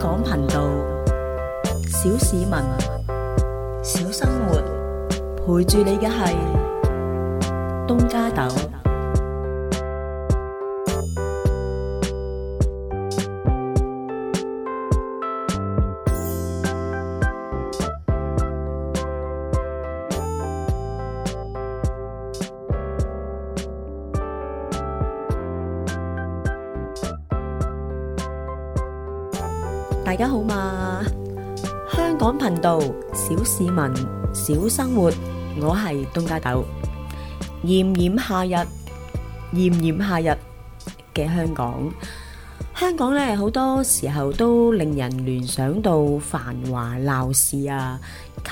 港頻道，小市民，小生活，陪住你嘅係東加豆。市民小生活，我係東加豆，炎炎夏日，炎炎夏日嘅香港，香港呢好多時候都令人聯想到繁華鬧市啊，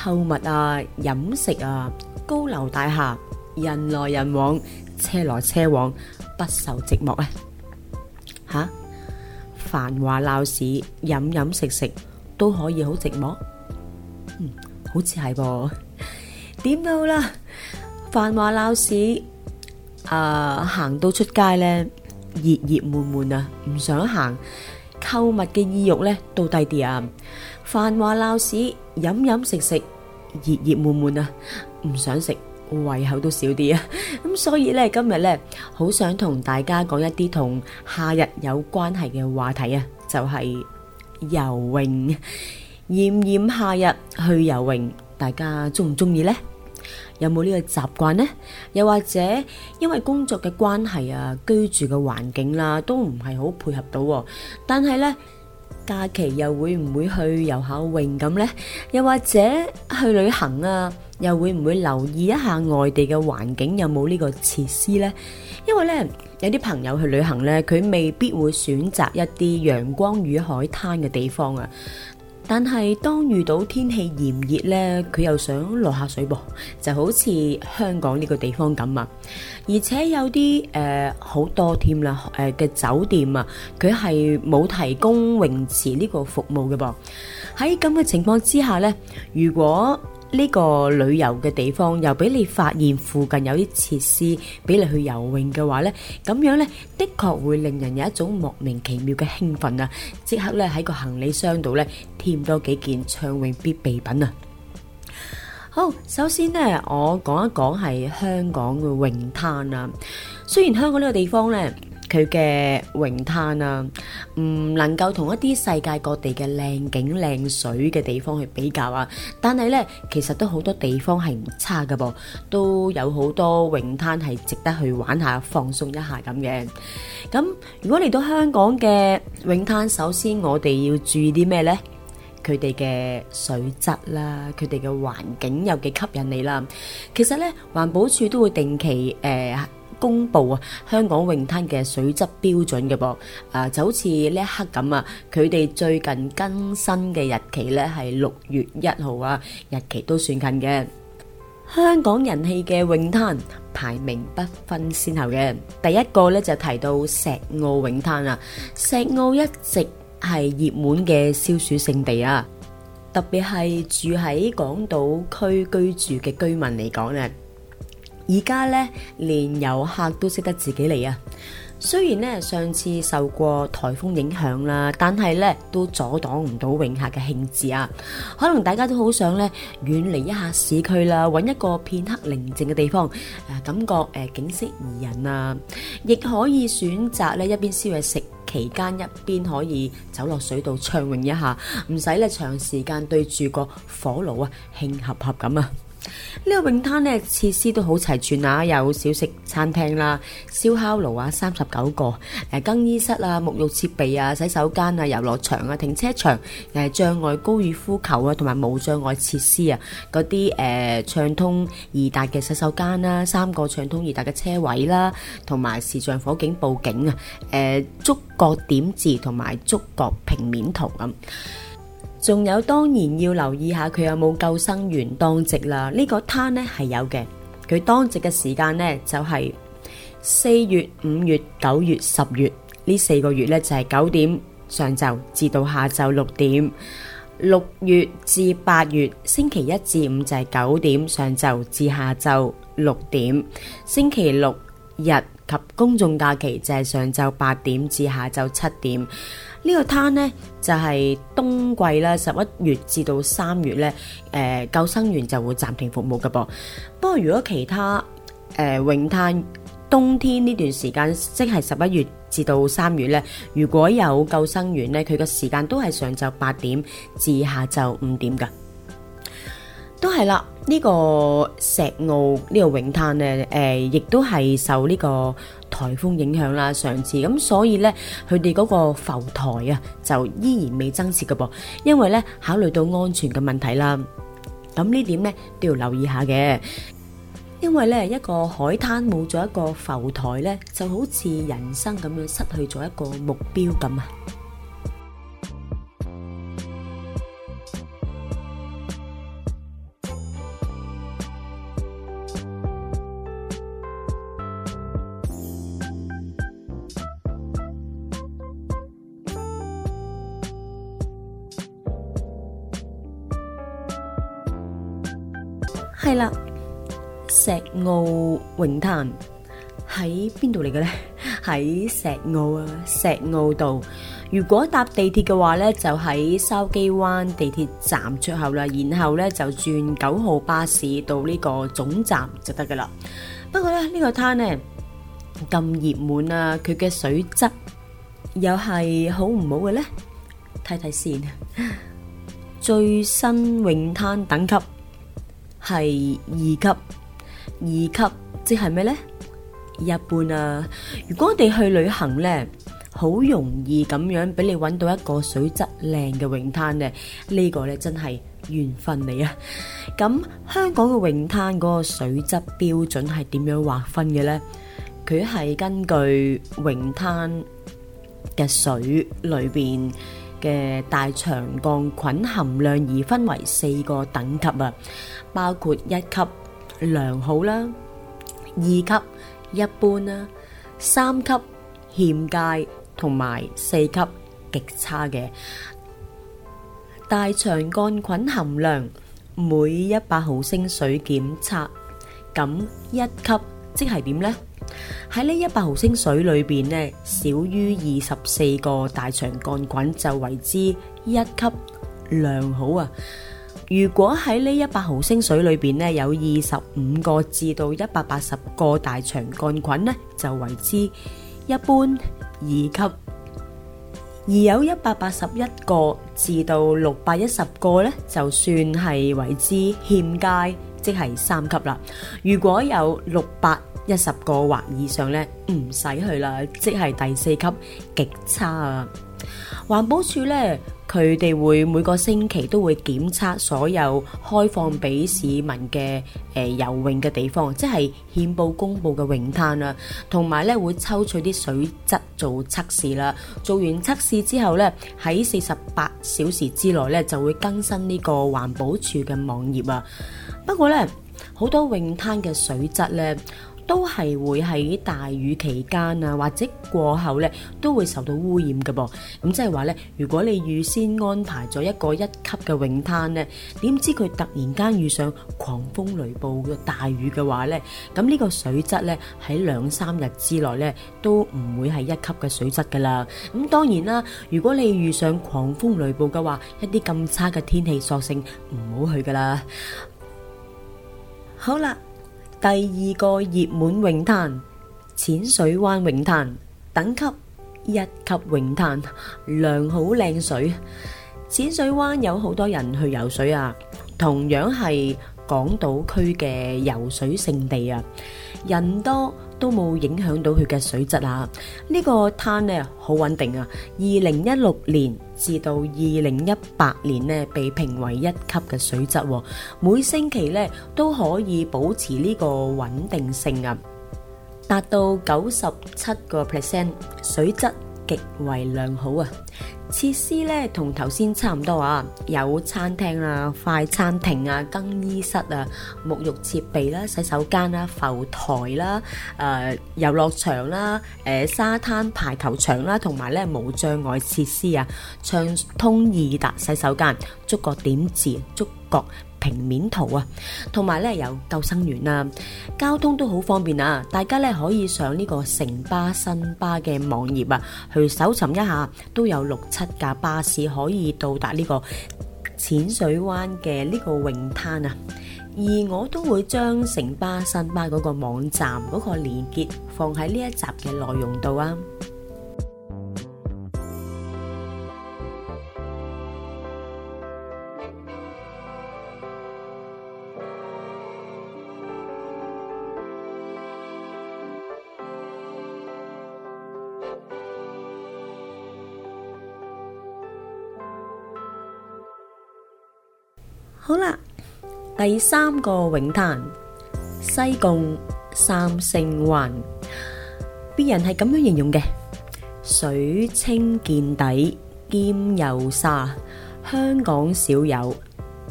購物啊，飲食啊，高樓大廈，人來人往，車來車往，不受寂寞啊。吓，繁華鬧市飲飲食食都可以好寂寞。嗯。好似係噃，點都好啦！繁華鬧市啊，行到出街咧，熱熱悶悶啊，唔想行。購物嘅意欲咧都低啲啊！繁華鬧市飲飲食食熱熱悶悶啊，唔想食，胃口都少啲啊！咁所以咧，今日咧好想同大家講一啲同夏日有關係嘅話題啊，就係游泳。炎炎夏日去游泳，大家鍾唔鍾意呢？有冇呢個習慣呢？又或者因為工作嘅關係啊，居住嘅環境啦，都唔係好配合到。但係呢，假期又會唔會去游下泳咁呢？又或者去旅行啊，又會唔會留意一下外地嘅環境有冇呢個設施呢？因為呢，有啲朋友去旅行呢，佢未必會選擇一啲陽光與海灘嘅地方啊。但係當遇到天氣炎熱呢，佢又想落下水噃，就好似香港呢個地方咁啊！而且有啲誒，好多添啦，誒，嘅酒店啊，佢係冇提供泳池呢個服務嘅噃。喺咁嘅情況之下呢，如果呢個旅遊嘅地方又俾你發現附近有啲設施俾你去游泳嘅話咧，咁樣咧，的確會令人有一種莫名其妙嘅興奮啊！即刻咧喺個行李箱度咧，添多幾件暢泳必備品啊！好，首先咧，我講一講係香港嘅泳灘啊。雖然香港呢個地方咧，佢嘅泳灘啊，唔能夠同一啲世界各地嘅靚景靚水嘅地方去比較啊，但係呢，其實都好多地方係唔差噶噃，都有好多泳灘係值得去玩下放鬆一下咁嘅。咁如果嚟到香港嘅泳灘，首先我哋要注意啲咩呢？佢哋嘅水質啦，佢哋嘅環境有幾吸引你啦。其實呢，環保署都會定期誒。公布啊，香港泳灘嘅水質標準嘅噃，啊，就好似呢一刻咁啊，佢哋最近更新嘅日期咧係六月一號啊，日期都算近嘅。香港人氣嘅泳灘排名不分先後嘅，第一個咧就提到石澳泳灘啊，石澳一直係熱門嘅消暑勝地啊，特別係住喺港島區居住嘅居民嚟講咧。而家咧，連遊客都識得自己嚟啊！雖然咧上次受過颱風影響啦、啊，但係咧都阻擋唔到泳客嘅興致啊！可能大家都好想咧遠離一下市區啦，揾一個片刻寧靜嘅地方，誒、啊、感覺誒景、呃、色宜人啊！亦可以選擇咧一邊燒嘢食期間，一邊可以走落水度暢泳一下，唔使咧長時間對住個火爐啊，興合合咁啊！呢個泳灘呢，設施都好齊全啊，有小食餐廳啦、燒烤爐啊，三十九個誒更衣室啊、沐浴設備啊、洗手間啊、遊樂場啊、停車場誒障礙高爾夫球啊，同埋無障礙設施啊，嗰啲誒暢通易達嘅洗手間啦，三個暢通易達嘅車位啦，同埋視像火警報警啊，誒、呃、觸覺點字同埋觸覺平面圖咁。仲有當然要留意下佢有冇救生員當值啦。呢個灘呢係有嘅，佢當值嘅時間呢就係四月、五月、九月、十月呢四個月呢就係九點上晝至到下晝六點。六月至八月星期一至五就係九點上晝至下晝六點，星期六日及公眾假期就係上晝八點至下晝七點。呢個灘呢，就係、是、冬季啦，十一月至到三月呢，誒、呃、救生員就會暫停服務㗎噃。不過如果其他誒泳灘冬天呢段時間，即係十一月至到三月呢，如果有救生員呢，佢嘅時間都係上晝八點至下晝五點㗎。都係啦，呢、這個石澳呢個泳灘呢，誒、呃、亦都係受呢、這個。颱風影響啦，上次咁，所以呢佢哋嗰個浮台啊，就依然未增設㗎噃，因為呢考慮到安全嘅問題啦，咁呢點呢都要留意下嘅，因為呢一個海灘冇咗一個浮台呢，就好似人生咁樣失去咗一個目標咁啊。係啦，石澳泳灘喺邊度嚟嘅咧？喺石澳啊，石澳道。如果搭地鐵嘅話咧，就喺筲箕灣地鐵站出口啦，然後咧就轉九號巴士到呢個總站就得噶啦。不過咧，呢個灘咧咁熱門啊，佢嘅水質又係好唔好嘅咧？睇睇先，最新泳灘等級。係二級，二級即係咩呢？一般啊，如果我哋去旅行呢，好容易咁樣俾你搵到一個水質靚嘅泳灘呢，呢個呢真係緣分嚟啊！咁香港嘅泳灘嗰個水質標準係點樣劃分嘅呢？佢係根據泳灘嘅水裏邊。嘅大腸桿菌含量而分為四個等級啊，包括一級良好啦，二級一般啦，三級欠佳，同埋四級極差嘅大腸桿菌含量，每一百毫升水檢測，咁一級即係點呢？喺呢一百毫升水裏邊呢，少於二十四個大腸桿菌就為之一級良好啊！如果喺呢一百毫升水裏邊呢，有二十五個至到一百八十個大腸桿菌呢，就為之一般二級；而有一百八十一個至到六百一十個呢，就算係為之欠佳，即係三級啦。如果有六百一十個或以上咧，唔使去啦，即係第四級極差啊！環保署咧，佢哋會每個星期都會檢測所有開放俾市民嘅誒、呃、游泳嘅地方，即係憲報公布嘅泳灘啦，同埋咧，會抽取啲水質做測試啦。做完測試之後咧，喺四十八小時之內咧就會更新呢個環保署嘅網頁啊。不過咧，好多泳灘嘅水質咧，都係會喺大雨期間啊，或者過後呢都會受到污染噶噃。咁即係話呢，如果你預先安排咗一個一級嘅泳灘呢，點知佢突然間遇上狂風雷暴嘅大雨嘅話呢？咁呢個水質呢，喺兩三日之內呢都唔會係一級嘅水質噶啦。咁當然啦，如果你遇上狂風雷暴嘅話，一啲咁差嘅天氣，索性唔好去噶啦。好啦。第二個熱門泳灘——淺水灣泳灘，等級一級泳灘，良好靚水。淺水灣有好多人去游水啊，同樣係港島區嘅游水勝地啊。人多都冇影響到佢嘅水質啊！呢、這個灘呢好穩定啊！二零一六年至到二零一八年呢，被評為一級嘅水質，每星期呢都可以保持呢個穩定性啊，達到九十七個 percent 水質。極為良好啊！設施咧同頭先差唔多啊，有餐廳啦、快餐亭啊、更衣室啊、沐浴設備啦、洗手間啦、浮台啦、誒遊樂場啦、誒沙灘排球場啦，同埋咧無障礙設施啊，暢通易達洗手間，觸覺點字觸覺平面圖啊，同埋咧有救生員啊，交通都好方便啊！大家咧可以上呢個城巴、新巴嘅網頁啊，去搜尋一下，都有六七架巴士可以到達呢個淺水灣嘅呢個泳灘啊。而我都會將城巴、新巴嗰個網站嗰個連結，放喺呢一集嘅內容度啊。好啦，第三個泳灘西貢三星灣，別人係咁樣形容嘅：水清見底兼有沙，香港少有。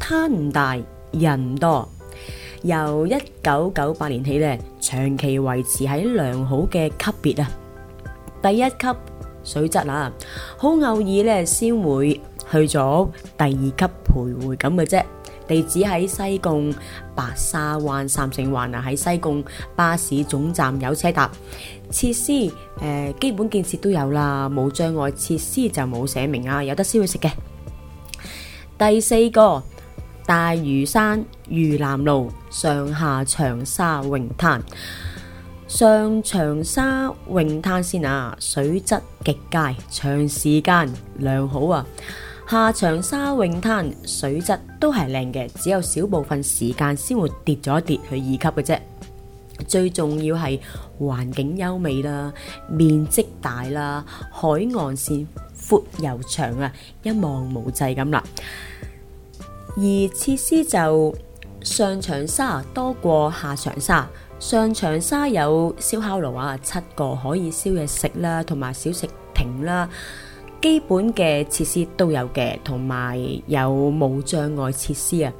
灘大人多，由一九九八年起呢，長期維持喺良好嘅級別啊，第一級水質啊，好偶爾呢先會去咗第二級徘徊咁嘅啫。地址喺西貢白沙灣三盛灣啊，喺西貢巴士總站有車搭。設施、呃、基本建設都有啦，冇障礙設施就冇寫明啊，有得先去食嘅。第四個大嶼山愉南路上下長沙泳灘，上長沙泳灘先啊，水質極佳，長時間良好啊。下長沙泳灘水質都係靚嘅，只有少部分時間先會跌咗一跌去二級嘅啫。最重要係環境優美啦，面積大啦，海岸線闊又長啊，一望無際咁啦。而設施就上長沙多過下長沙，上長沙有燒烤爐啊，七個可以燒嘢食啦，同埋小食亭啦。基本嘅設施都有嘅，同埋有冇障礙設施啊。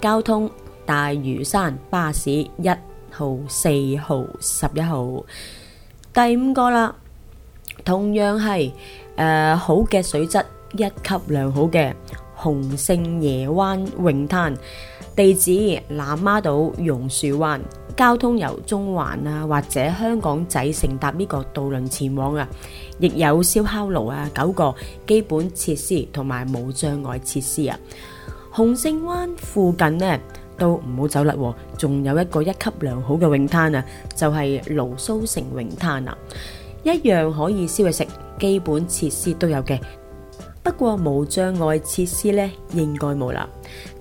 交通，大嶼山巴士一號、四號、十一號。第五個啦，同樣係誒好嘅水質，一級良好嘅洪聖爺灣泳灘，地址南丫島榕樹灣。交通由中環啊，或者香港仔乘搭呢個渡輪前往啊，亦有燒烤爐啊，九個基本設施同埋無障礙設施啊。洪聖灣附近呢，都唔好走甩，仲有一個一級良好嘅泳灘啊，就係盧蘇城泳灘啦，一樣可以燒嘢食，基本設施都有嘅。不過冇障礙設施咧，應該冇啦。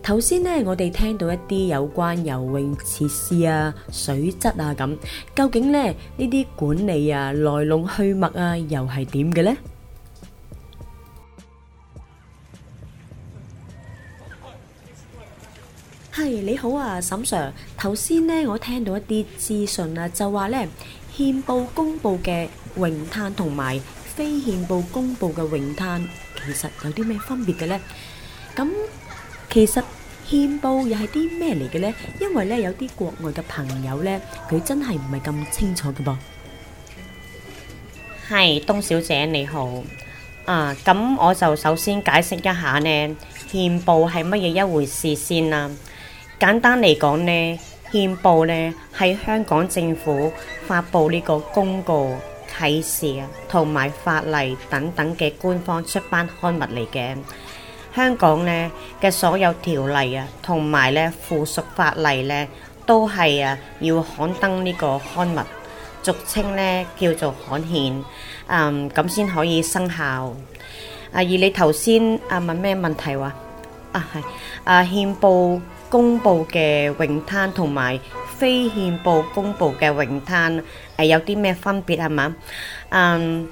頭先咧我哋聽到一啲有關游泳設施啊、水質啊咁，究竟咧呢啲管理啊、來龍去脈啊，又係點嘅呢？係，你好啊，沈 Sir。頭先咧我聽到一啲資訊啊，就話咧憲報公佈嘅泳灘同埋非憲報公布嘅泳灘其實有啲咩分別嘅呢？咁其實憲報又係啲咩嚟嘅呢？因為呢有啲國外嘅朋友呢，佢真係唔係咁清楚嘅噃。係，冬小姐你好。啊，咁我就首先解釋一下呢，憲報係乜嘢一回事先啦。簡單嚟講呢，憲報呢係香港政府發佈呢個公告。啟事啊，同埋法例等等嘅官方出版刊物嚟嘅。香港咧嘅所有條例啊，同埋咧附屬法例咧，都係啊要刊登呢個刊物，俗稱咧叫做刊憲，嗯，咁先可以生效。啊，而你頭先啊問咩問題話？啊係啊，憲報公佈嘅泳灘同埋非憲報公佈嘅泳灘。係有啲咩分別係嘛？嗯，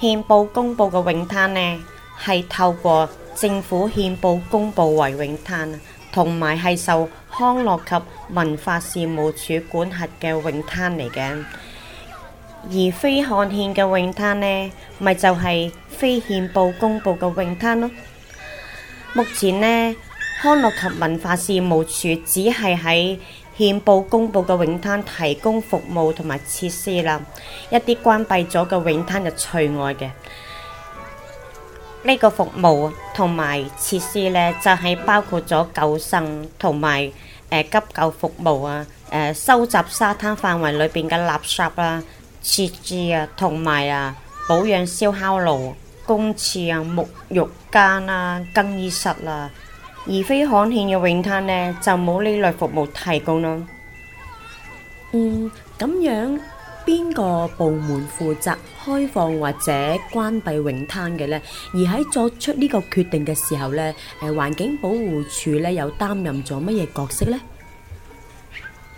憲報公佈嘅泳灘呢，係透過政府憲報公佈為泳灘，同埋係受康樂及文化事務署管轄嘅泳灘嚟嘅，而非刊憲嘅泳灘呢，咪就係非憲報公佈嘅泳灘咯。目前呢，康樂及文化事務署只係喺憲報公佈嘅泳灘提供服務同埋設施啦，一啲關閉咗嘅泳灘就除外嘅。呢個服務啊同埋設施呢，就係包括咗救生同埋誒急救服務啊，誒收集沙灘範圍裏邊嘅垃圾啊，設置啊，同埋啊保養燒烤爐、公廁啊、沐浴間啊、更衣室啦。而非憲報嘅泳灘呢，就冇呢類服務提供咯。嗯，咁樣，邊個部門負責開放或者關閉泳灘嘅呢？而喺作出呢個決定嘅時候呢，誒，環境保護署呢又擔任咗乜嘢角色呢？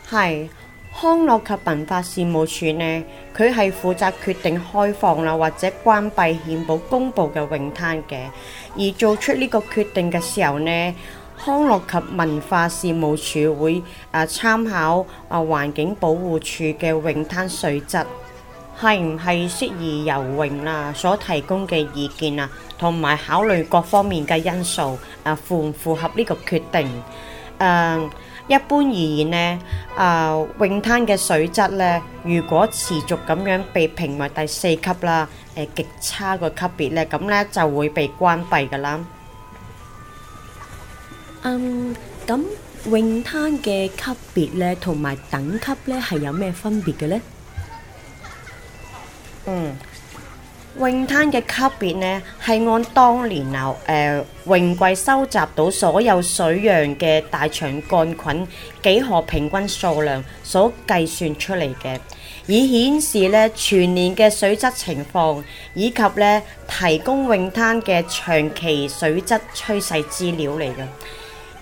係康樂及文化事務署呢，佢係負責決定開放啦或者關閉憲報公布嘅泳灘嘅。而做出呢個決定嘅時候呢，康樂及文化事務署會啊參考啊環境保護署嘅泳灘水質係唔係適宜游泳啦，所提供嘅意見啊，同埋考慮各方面嘅因素啊，符唔符合呢個決定？誒、嗯。一般而言呢，啊，泳灘嘅水質呢，如果持續咁樣被評為第四級啦，誒，極差嘅級別呢，咁呢就會被關閉㗎喇。嗯，咁泳灘嘅級別呢，同埋等級呢，係有咩分別嘅呢？嗯。泳灘嘅級別呢，係按當年啊，誒游泳季收集到所有水樣嘅大腸桿菌幾何平均數量所計算出嚟嘅，以顯示咧全年嘅水質情況，以及咧提供泳灘嘅長期水質趨勢資料嚟嘅。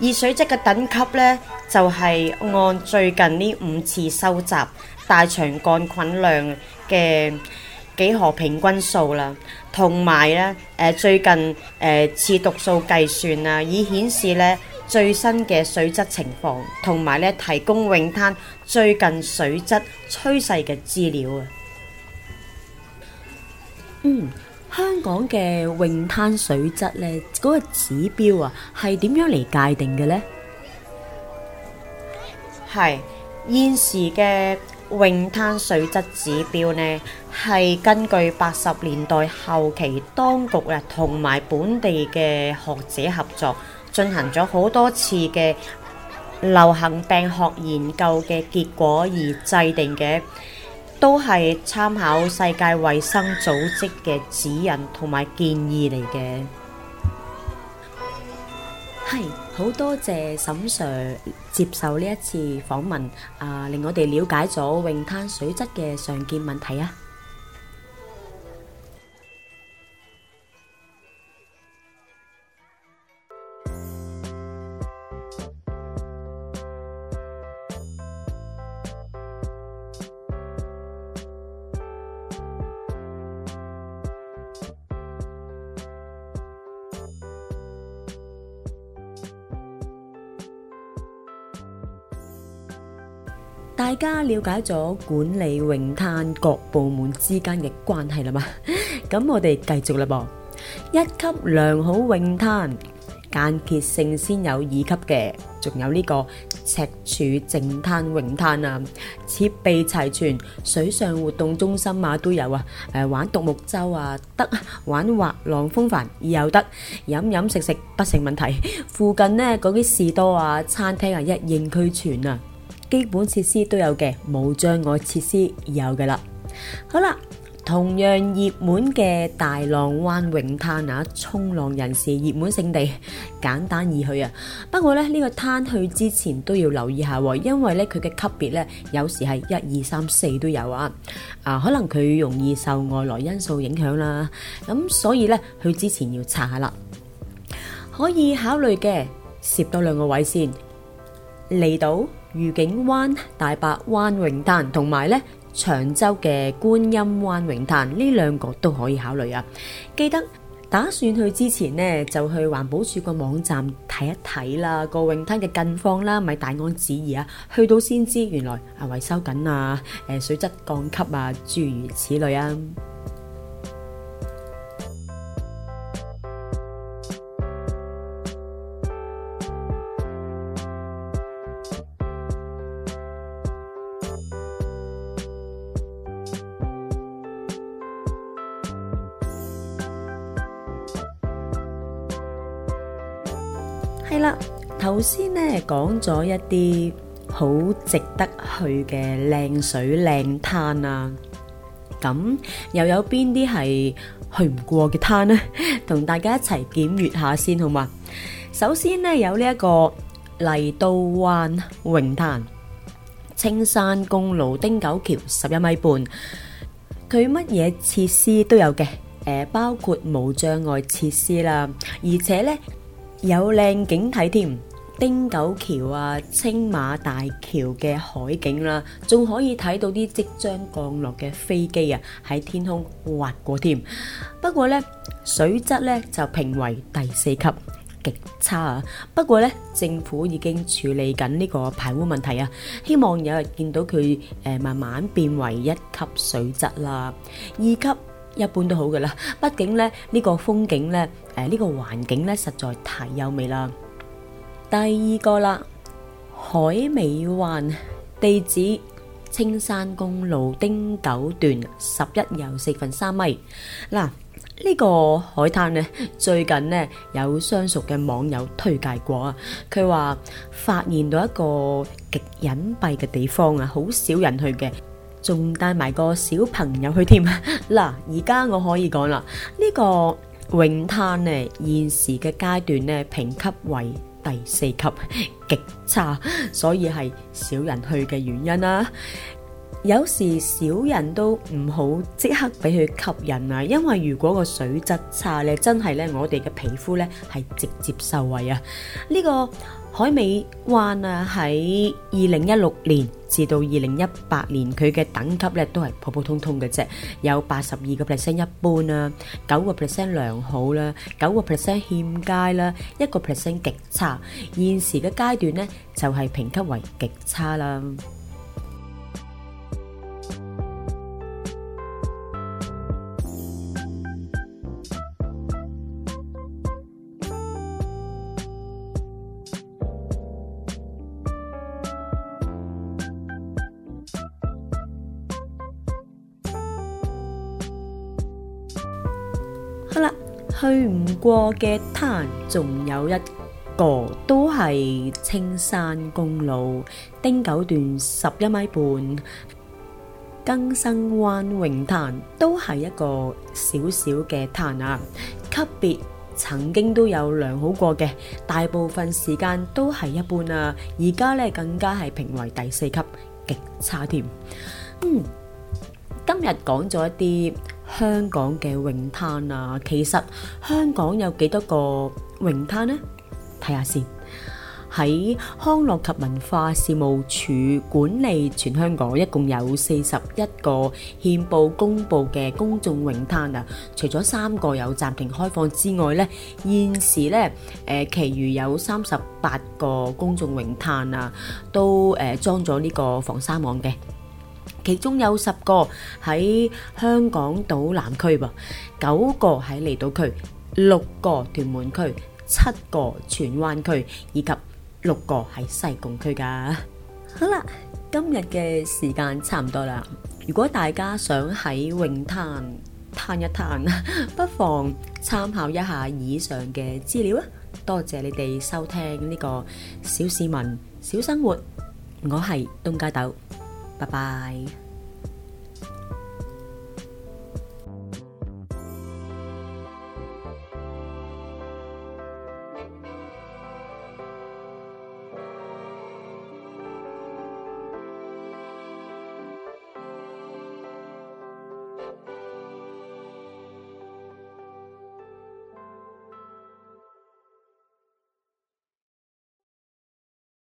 而水質嘅等級呢，就係、是、按最近呢五次收集大腸桿菌量嘅。幾何平均數啦，同埋咧誒最近誒次讀數計算啊，以顯示咧最新嘅水質情況，同埋咧提供泳灘最近水質趨勢嘅資料啊。嗯，香港嘅泳灘水質咧嗰個指標啊，係點樣嚟界定嘅呢？係現時嘅泳灘水質指標咧。係根據八十年代後期，當局啊同埋本地嘅學者合作進行咗好多次嘅流行病學研究嘅結果而制定嘅，都係參考世界衞生組織嘅指引同埋建議嚟嘅。係好多謝沈 Sir 接受呢一次訪問啊、呃，令我哋了解咗泳灘水質嘅常見問題啊！大家了解咗管理泳灘各部門之間嘅關係啦嘛？咁我哋繼續啦噃。一級良好泳灘間歇性先有二級嘅，仲有呢個赤柱正灘泳灘啊，設備齊全，水上活動中心啊都有啊。誒，玩獨木舟啊得，玩滑浪風帆又得，飲飲食食不成問題。附近呢嗰啲士多啊、餐廳啊一應俱全啊。基本設施都有嘅，冇障礙設施有嘅啦。好啦，同樣熱門嘅大浪灣泳灘啊，衝浪人士熱門勝地，簡單易去啊。不過咧呢、這個灘去之前都要留意下、啊，因為咧佢嘅級別咧有時係一二三四都有啊。啊，可能佢容易受外來因素影響啦。咁所以咧去之前要查下啦。可以考慮嘅，攝多兩個位先。嚟到，愉景灣、大白灣泳灘同埋咧長洲嘅觀音灣泳灘，呢兩個都可以考慮啊。記得打算去之前呢，就去環保署個網站睇一睇啦，個泳灘嘅近況啦，咪大安旨意啊，去到先知原來啊維修緊啊，誒水質降級啊諸如此類啊！係啦，頭先呢講咗一啲好值得去嘅靚水靚灘啊，咁又有邊啲係去唔過嘅灘呢？同大家一齊檢閱下先好嘛？首先呢有呢一個麗都灣泳灘，青山公路汀九橋十一米半，佢乜嘢設施都有嘅，誒包括無障礙設施啦，而且呢。有靚景睇添，汀九橋啊、青馬大橋嘅海景啦、啊，仲可以睇到啲即將降落嘅飛機啊，喺天空滑過添。不過呢，水質呢就評為第四級，極差啊！不過呢，政府已經處理緊呢個排污問題啊，希望有人見到佢誒慢慢變為一級水質啦、二級。一般都好嘅啦，畢竟咧呢個風景咧，誒呢個環境咧實在太優美啦。第二個啦，海尾灣，地址青山公路丁九段十一又四分三米。嗱，呢個海灘咧最近咧有相熟嘅網友推介過啊，佢話發現到一個極隱蔽嘅地方啊，好少人去嘅。仲帶埋個小朋友去添，嗱、啊，而家我可以講啦，這個、泳呢個泳灘呢，現時嘅階段呢，評級為第四級，極差，所以係少人去嘅原因啦、啊。有時少人都唔好即刻俾佢吸引啊，因為如果個水質差咧，真係咧，我哋嘅皮膚咧係直接受惠啊，呢、這個。海美灣啊，喺二零一六年至到二零一八年，佢嘅等級咧都係普普通通嘅啫，有八十二個 percent 一般啦，九個 percent 良好啦，九個 percent 欠佳啦，一個 percent 極差。現時嘅階段咧就係評級為極差啦。嘅灘，仲有一個都係青山公路汀九段十一米半，更生灣泳灘都係一個小小嘅灘啊！級別曾經都有良好過嘅，大部分時間都係一般啊，而家咧更加係評為第四級極差添。嗯，今日講咗一啲。香港嘅泳灘啊，其實香港有幾多個泳灘呢？睇下先。喺康樂及文化事務署管理全香港，一共有四十一個憲報公布嘅公眾泳灘啊。除咗三個有暫停開放之外呢，現時呢誒，其餘有三十八個公眾泳灘啊，都誒裝咗呢個防沙網嘅。其中有十個喺香港島南區，九個喺離島區，六個屯門區，七個荃灣區，以及六個喺西貢區噶。好啦，今日嘅時間差唔多啦。如果大家想喺泳灘嘆一嘆，不妨參考一下以上嘅資料啊！多謝你哋收聽呢個小市民小生活，我係東街豆。拜拜。